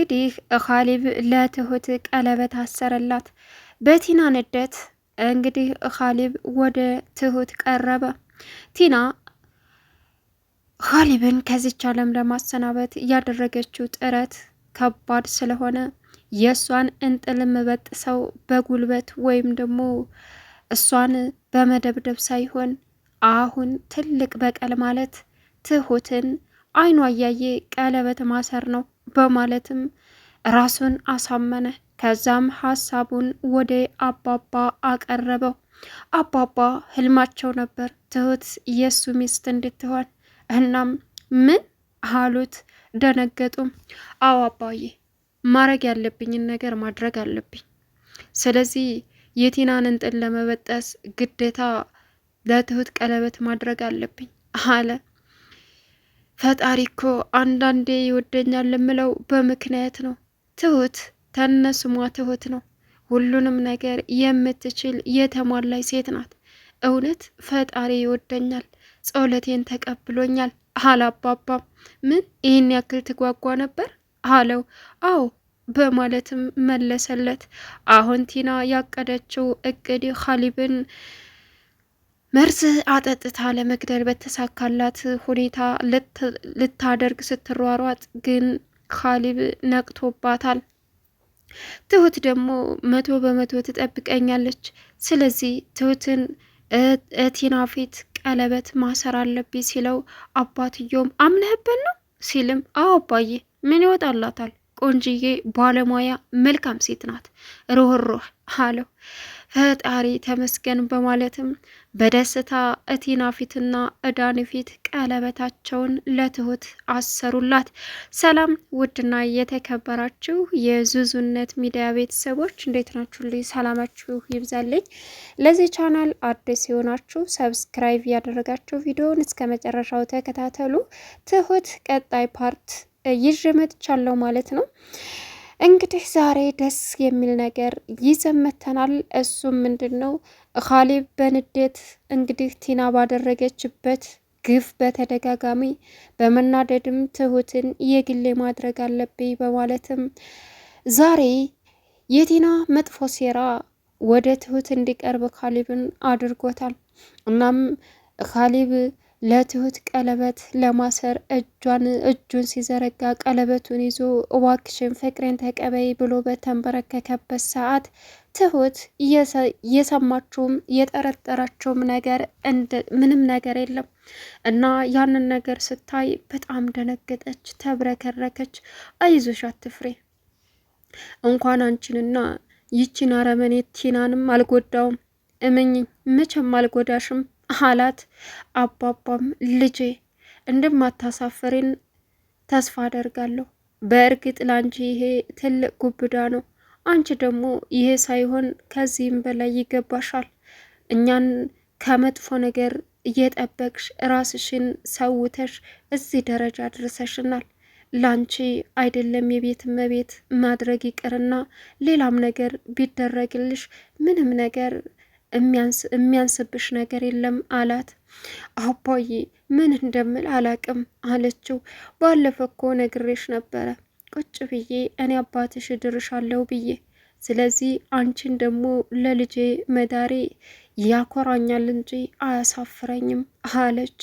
እንግዲህ ካሌብ ለትሁት ቀለበት አሰረላት። በቲና ንደት እንግዲህ ካሌብ ወደ ትሁት ቀረበ። ቲና ኻሊብን ከዚች ዓለም ለማሰናበት ያደረገችው ጥረት ከባድ ስለሆነ የእሷን እንጥልም ምበጥ ሰው በጉልበት ወይም ደግሞ እሷን በመደብደብ ሳይሆን አሁን ትልቅ በቀል ማለት ትሁትን አይኗ እያየ ቀለበት ማሰር ነው። በማለትም ራሱን አሳመነ። ከዛም ሀሳቡን ወደ አባባ አቀረበው። አባባ ህልማቸው ነበር ትሁት የእሱ ሚስት እንድትሆን። እናም ምን አሉት? ደነገጡም። አዎ አባዬ፣ ማድረግ ያለብኝን ነገር ማድረግ አለብኝ። ስለዚህ የቲናንን ለመበጠስ ግዴታ ለትሁት ቀለበት ማድረግ አለብኝ አለ። ፈጣሪ እኮ አንዳንዴ ይወደኛል የምለው በምክንያት ነው። ትሁት ተነስሟ ትሁት ነው። ሁሉንም ነገር የምትችል የተሟላይ ሴት ናት። እውነት ፈጣሪ ይወደኛል፣ ጸሎቴን ተቀብሎኛል አላባባም። ምን ይህን ያክል ትጓጓ ነበር አለው። አዎ በማለትም መለሰለት። አሁን ቲና ያቀደችው እቅድ ኻሊብን መርዝ አጠጥታ ለመግደል በተሳካላት ሁኔታ ልታደርግ ስትሯሯጥ ግን ካሊብ ነቅቶባታል። ትሁት ደግሞ መቶ በመቶ ትጠብቀኛለች። ስለዚህ ትሁትን እቲና ፊት ቀለበት ማሰር አለብኝ ሲለው አባትየውም አምነህበት ነው ሲልም፣ አዎ አባዬ ምን ይወጣላታል? ቆንጅዬ፣ ባለሙያ፣ መልካም ሴት ናት፣ ሩህሩህ አለው። ፈጣሪ ተመስገን በማለትም በደስታ እቲና ፊትና እዳን ፊት ቀለበታቸውን ለትሁት አሰሩላት። ሰላም ውድና የተከበራችሁ የዙዙነት ሚዲያ ቤተሰቦች እንዴት ናችሁ? ልይ ሰላማችሁ ይብዛልኝ። ለዚህ ቻናል አዲስ የሆናችሁ ሰብስክራይብ ያደረጋችሁ ቪዲዮን እስከ መጨረሻው ተከታተሉ። ትሁት ቀጣይ ፓርት ይዤ መጥቻለሁ ማለት ነው። እንግዲህ ዛሬ ደስ የሚል ነገር ይዘመተናል። እሱም ምንድን ነው? ካሌብ በንዴት እንግዲህ ቲና ባደረገችበት ግፍ በተደጋጋሚ በመናደድም ትሁትን የግሌ ማድረግ አለብኝ በማለትም ዛሬ የቲና መጥፎ ሴራ ወደ ትሁት እንዲቀርብ ካሌብን አድርጎታል። እናም ካሌብ ለትሁት ቀለበት ለማሰር እጇን እጁን ሲዘረጋ ቀለበቱን ይዞ እባክሽን ፍቅሬን ተቀበይ ብሎ በተንበረከከበት ሰዓት ትሁት የሰማችውም የጠረጠራችውም ነገር ምንም ነገር የለም እና ያንን ነገር ስታይ በጣም ደነገጠች፣ ተብረከረከች። አይዞሽ አትፍሬ እንኳን አንቺንና ይቺን አረመኔ ቲናንም አልጎዳውም። እመኝኝ መቼም አልጎዳሽም አላት። አባባም ልጄ እንደማታሳፍሪን ተስፋ አደርጋለሁ። በእርግጥ ላንቺ ይሄ ትልቅ ጉብዳ ነው። አንቺ ደግሞ ይሄ ሳይሆን ከዚህም በላይ ይገባሻል። እኛን ከመጥፎ ነገር እየጠበቅሽ ራስሽን ሰውተሽ እዚህ ደረጃ ድርሰሽናል። ላንቺ አይደለም የቤት እመቤት ማድረግ ይቅርና ሌላም ነገር ቢደረግልሽ ምንም ነገር የሚያንስብሽ ነገር የለም አላት። አባዬ ምን እንደምል አላቅም አለችው። ባለፈ እኮ ነግሬሽ ነበረ ቁጭ ብዬ እኔ አባትሽ እድርሻለሁ ብዬ ስለዚህ አንቺን ደግሞ ለልጄ መዳሬ ያኮራኛል እንጂ አያሳፍረኝም አለች።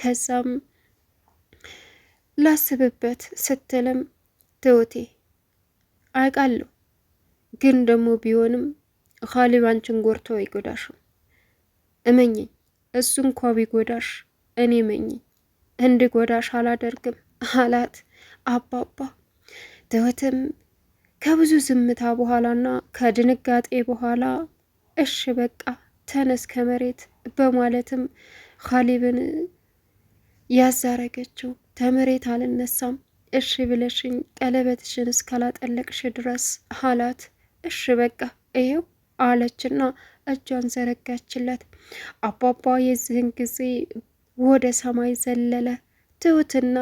ከዛም ላስብበት ስትልም ትውቴ አውቃለሁ ግን ደግሞ ቢሆንም ኻሊብ አንቺን ጎርቶ አይጎዳሽም። እመኝኝ፣ እሱ እንኳ ቢጎዳሽ እኔ እንድ ጎዳሽ አላደርግም አላት አባባ። ትሁትም ከብዙ ዝምታ በኋላና ከድንጋጤ በኋላ እሽ በቃ ተነስ ከመሬት በማለትም ኻሊብን ያዛረገችው ተመሬት አልነሳም እሺ ብለሽኝ ቀለበትሽን እስካላጠለቅሽ ድረስ አላት። እሺ በቃ ይሄው አለችና እጇን ዘረጋችለት። አባባ የዚህን ጊዜ ወደ ሰማይ ዘለለ። ትሁትና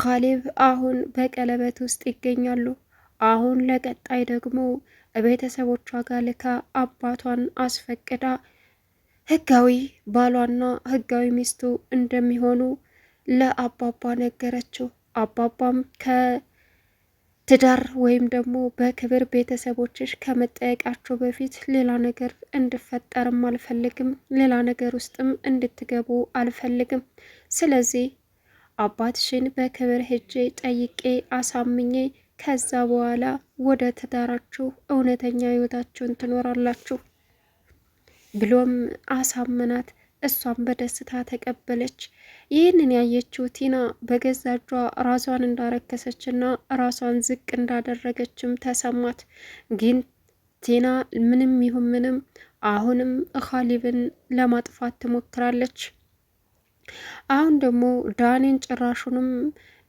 ካሌብ አሁን በቀለበት ውስጥ ይገኛሉ። አሁን ለቀጣይ ደግሞ ቤተሰቦቿ ጋር ልካ አባቷን አስፈቅዳ ህጋዊ ባሏና ህጋዊ ሚስቱ እንደሚሆኑ ለአባባ ነገረችው። አባባም ከ ትዳር ወይም ደግሞ በክብር ቤተሰቦችሽ ከመጠየቃቸው በፊት ሌላ ነገር እንድፈጠርም አልፈልግም፣ ሌላ ነገር ውስጥም እንድትገቡ አልፈልግም። ስለዚህ አባትሽን በክብር ሄጄ ጠይቄ አሳምኜ ከዛ በኋላ ወደ ትዳራችሁ እውነተኛ ህይወታችሁን ትኖራላችሁ ብሎም አሳምናት እሷም በደስታ ተቀበለች። ይህንን ያየችው ቲና በገዛ እጇ ራሷን እንዳረከሰችና ራሷን ዝቅ እንዳደረገችም ተሰማት። ግን ቲና ምንም ይሁን ምንም አሁንም ካሊብን ለማጥፋት ትሞክራለች። አሁን ደግሞ ዳኔን ጭራሹንም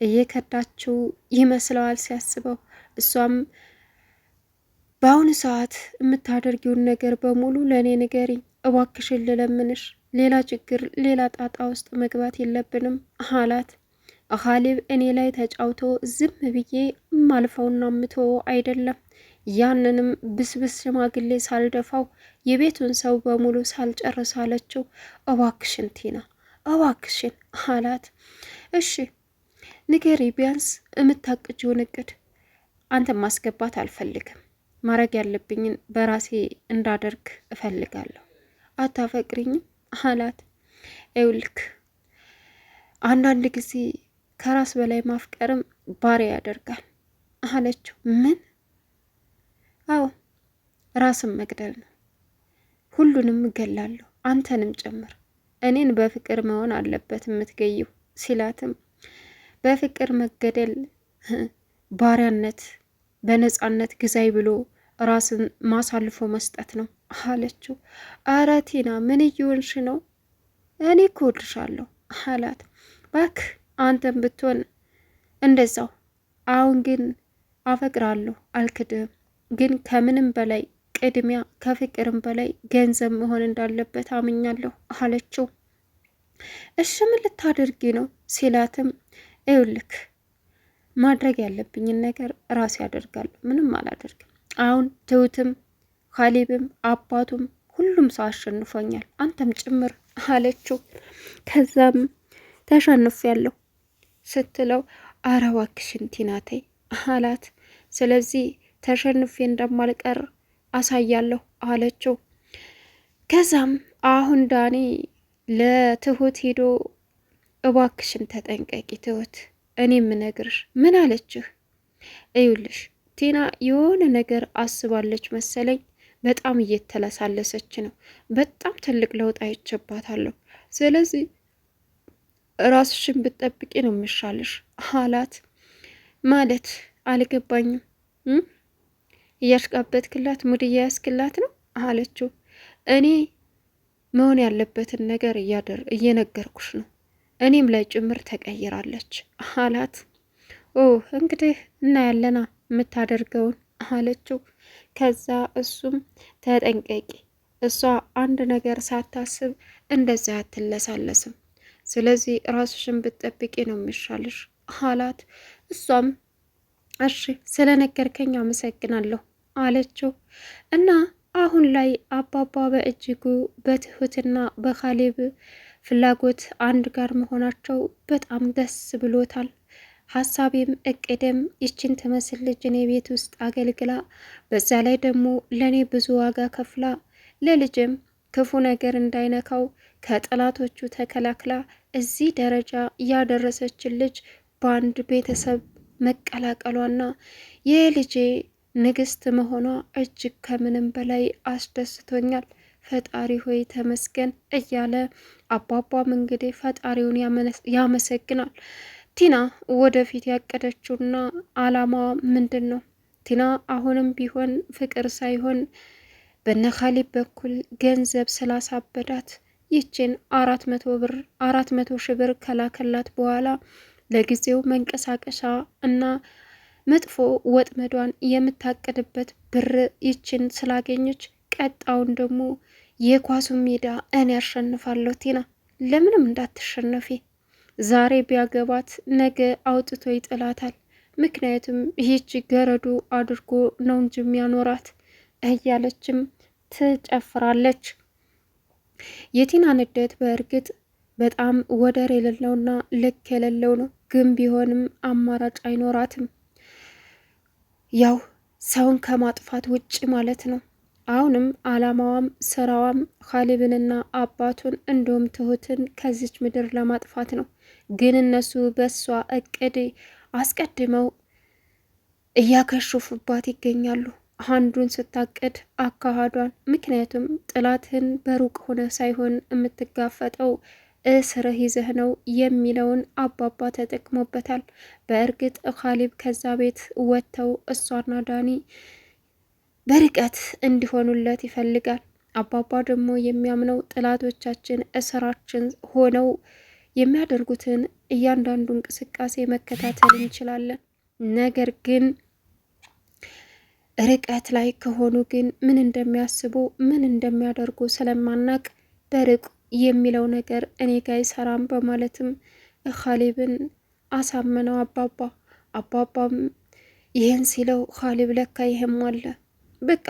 እየከዳችው ይመስለዋል ሲያስበው እሷም በአሁኑ ሰዓት የምታደርጊውን ነገር በሙሉ ለእኔ ንገሪኝ፣ እባክሽን ልለምንሽ ሌላ ችግር፣ ሌላ ጣጣ ውስጥ መግባት የለብንም አላት። ኻሊብ እኔ ላይ ተጫውቶ ዝም ብዬ ማልፈውና ምቶ አይደለም ያንንም ብስብስ ሽማግሌ ሳልደፋው የቤቱን ሰው በሙሉ ሳልጨርስ አለችው። እባክሽን ቲና እባክሽን አላት። እሺ ንገሪ፣ ቢያንስ የምታቅጂውን እቅድ አንተን ማስገባት አልፈልግም። ማድረግ ያለብኝን በራሴ እንዳደርግ እፈልጋለሁ። አታፈቅሪኝም? አላት። ይኸውልህ አንዳንድ ጊዜ ከራስ በላይ ማፍቀርም ባሪያ ያደርጋል አለችው። ምን? አዎ ራስን መግደል ነው። ሁሉንም እገላለሁ አንተንም ጭምር እኔን በፍቅር መሆን አለበት የምትገይው ሲላትም በፍቅር መገደል ባሪያነት፣ በነፃነት ግዛይ ብሎ ራስን ማሳልፎ መስጠት ነው አለችው። ኧረ ቲና ምን እየሆንሽ ነው? እኔ እኮ እወድሻለሁ አላት። ባክ አንተም ብትሆን እንደዛው። አሁን ግን አፈቅራለሁ አልክድህም፣ ግን ከምንም በላይ ቅድሚያ ከፍቅርም በላይ ገንዘብ መሆን እንዳለበት አምኛለሁ አለችው። እሺ ምን ልታደርጊ ነው ሲላትም፣ ይኸውልህ ማድረግ ያለብኝን ነገር ራሴ ያደርጋል ምንም አላደርግም። አሁን ትሁትም ካሌብም አባቱም ሁሉም ሰው አሸንፎኛል፣ አንተም ጭምር አለችው። ከዛም ተሸንፍ ያለሁ ስትለው አረ እባክሽን አላት። ስለዚህ ተሸንፌ እንደማልቀር አሳያለሁ አለችው። ከዛም አሁን ዳኒ ለትሁት ሄዶ እባክሽን ተጠንቀቂ ትሁት፣ እኔ የምነግርሽ ምን አለችህ? እዩልሽ ቲና የሆነ ነገር አስባለች መሰለኝ በጣም እየተለሳለሰች ነው። በጣም ትልቅ ለውጥ አይቼባታለሁ። ስለዚህ ራስሽን ብትጠብቂ ነው የምሻልሽ አላት። ማለት አልገባኝም። እያሽቃበትክላት ሙድ እያያስክላት ነው አለችው። እኔ መሆን ያለበትን ነገር እየነገርኩሽ ነው። እኔም ላይ ጭምር ተቀይራለች አላት። ኦ እንግዲህ እናያለና የምታደርገውን አለችው። ከዛ እሱም ተጠንቀቂ፣ እሷ አንድ ነገር ሳታስብ እንደዚያ አትለሳለስም፣ ስለዚህ ራስሽን ብትጠብቂ ነው የሚሻልሽ አላት። እሷም እሺ ከኛ አመሰግናለሁ አለችው እና አሁን ላይ አባባ በእጅጉ በትሁትና በካሌብ ፍላጎት አንድ ጋር መሆናቸው በጣም ደስ ብሎታል። ሀሳቤም እቅድም ይችን ትመስል ልጅ እኔ ቤት ውስጥ አገልግላ በዛ ላይ ደግሞ ለእኔ ብዙ ዋጋ ከፍላ ለልጅም ክፉ ነገር እንዳይነካው ከጠላቶቹ ተከላክላ እዚህ ደረጃ ያደረሰችን ልጅ በአንድ ቤተሰብ መቀላቀሏና ልጄ ንግስት መሆኗ እጅግ ከምንም በላይ አስደስቶኛል። ፈጣሪ ሆይ ተመስገን እያለ አባቧም እንግዲህ ፈጣሪውን ያመሰግናል። ቲና ወደፊት ያቀደችውና አላማዋ ምንድን ነው? ቲና አሁንም ቢሆን ፍቅር ሳይሆን በነካሊብ በኩል ገንዘብ ስላሳበዳት ይችን አራት መቶ ብር አራት መቶ ብር ከላከላት በኋላ ለጊዜው መንቀሳቀሻ እና መጥፎ ወጥመዷን የምታቅድበት ብር ይችን ስላገኘች ቀጣውን ደግሞ የኳሱ ሜዳ እኔ ያሸንፋለሁ ቲና ለምንም እንዳትሸነፊ ዛሬ ቢያገባት ነገ አውጥቶ ይጥላታል። ምክንያቱም ይህች ገረዱ አድርጎ ነው እንጂ የሚያኖራት እያለችም ትጨፍራለች። የቲና ንዴት በእርግጥ በጣም ወደር የሌለውና ልክ የሌለው ነው። ግን ቢሆንም አማራጭ አይኖራትም፣ ያው ሰውን ከማጥፋት ውጭ ማለት ነው። አሁንም አላማዋም ስራዋም ካሌብንና አባቱን እንዲሁም ትሁትን ከዚች ምድር ለማጥፋት ነው። ግን እነሱ በእሷ እቅድ አስቀድመው እያከሹፉባት ይገኛሉ። አንዱን ስታቅድ አካሃዷን፣ ምክንያቱም ጥላትህን በሩቅ ሆነ ሳይሆን የምትጋፈጠው እስርህ ይዘህ ነው የሚለውን አባባ ተጠቅሞበታል። በእርግጥ ካሌብ ከዛ ቤት ወጥተው እሷና ዳኒ በርቀት እንዲሆኑለት ይፈልጋል። አባባ ደግሞ የሚያምነው ጠላቶቻችን እስራችን ሆነው የሚያደርጉትን እያንዳንዱ እንቅስቃሴ መከታተል እንችላለን። ነገር ግን ርቀት ላይ ከሆኑ ግን ምን እንደሚያስቡ ምን እንደሚያደርጉ ስለማናቅ በርቁ የሚለው ነገር እኔ ጋ ሰራም በማለትም ካሌብን አሳመነው አባባ አባባም ይህን ሲለው ካሌብ ለካ ይህም አለ በቃ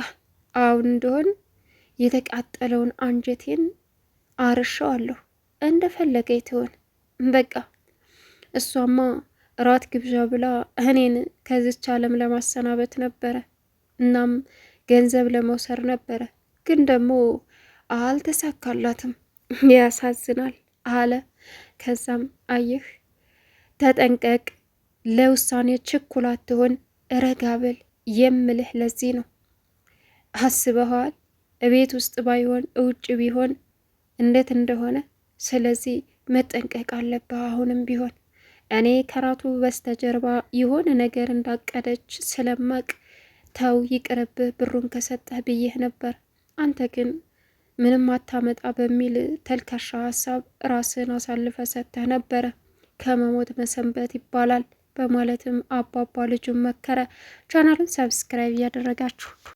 አሁን እንደሆን የተቃጠለውን አንጀቴን አለሁ እንደፈለገ ይትሆን በቃ እሷማ ራት ግብዣ ብላ እኔን ከዚች ዓለም ለማሰናበት ነበረ። እናም ገንዘብ ለመውሰር ነበረ፣ ግን ደግሞ አልተሳካላትም። ያሳዝናል አለ። ከዛም አየህ ተጠንቀቅ፣ ለውሳኔ ችኩል አትሆን፣ ረጋ በል የምልህ ለዚህ ነው አስበኋል እቤት ውስጥ ባይሆን እውጭ ቢሆን እንዴት እንደሆነ። ስለዚህ መጠንቀቅ አለብህ። አሁንም ቢሆን እኔ ከራቱ በስተጀርባ የሆነ ነገር እንዳቀደች ስለማቅ ተው ይቅርብህ፣ ብሩን ከሰጠህ ብዬህ ነበር። አንተ ግን ምንም አታመጣ በሚል ተልካሻ ሀሳብ ራስን አሳልፈ ሰጥተህ ነበረ። ከመሞት መሰንበት ይባላል በማለትም አባባ ልጁን መከረ። ቻናሉን ሰብስክራይብ እያደረጋችሁ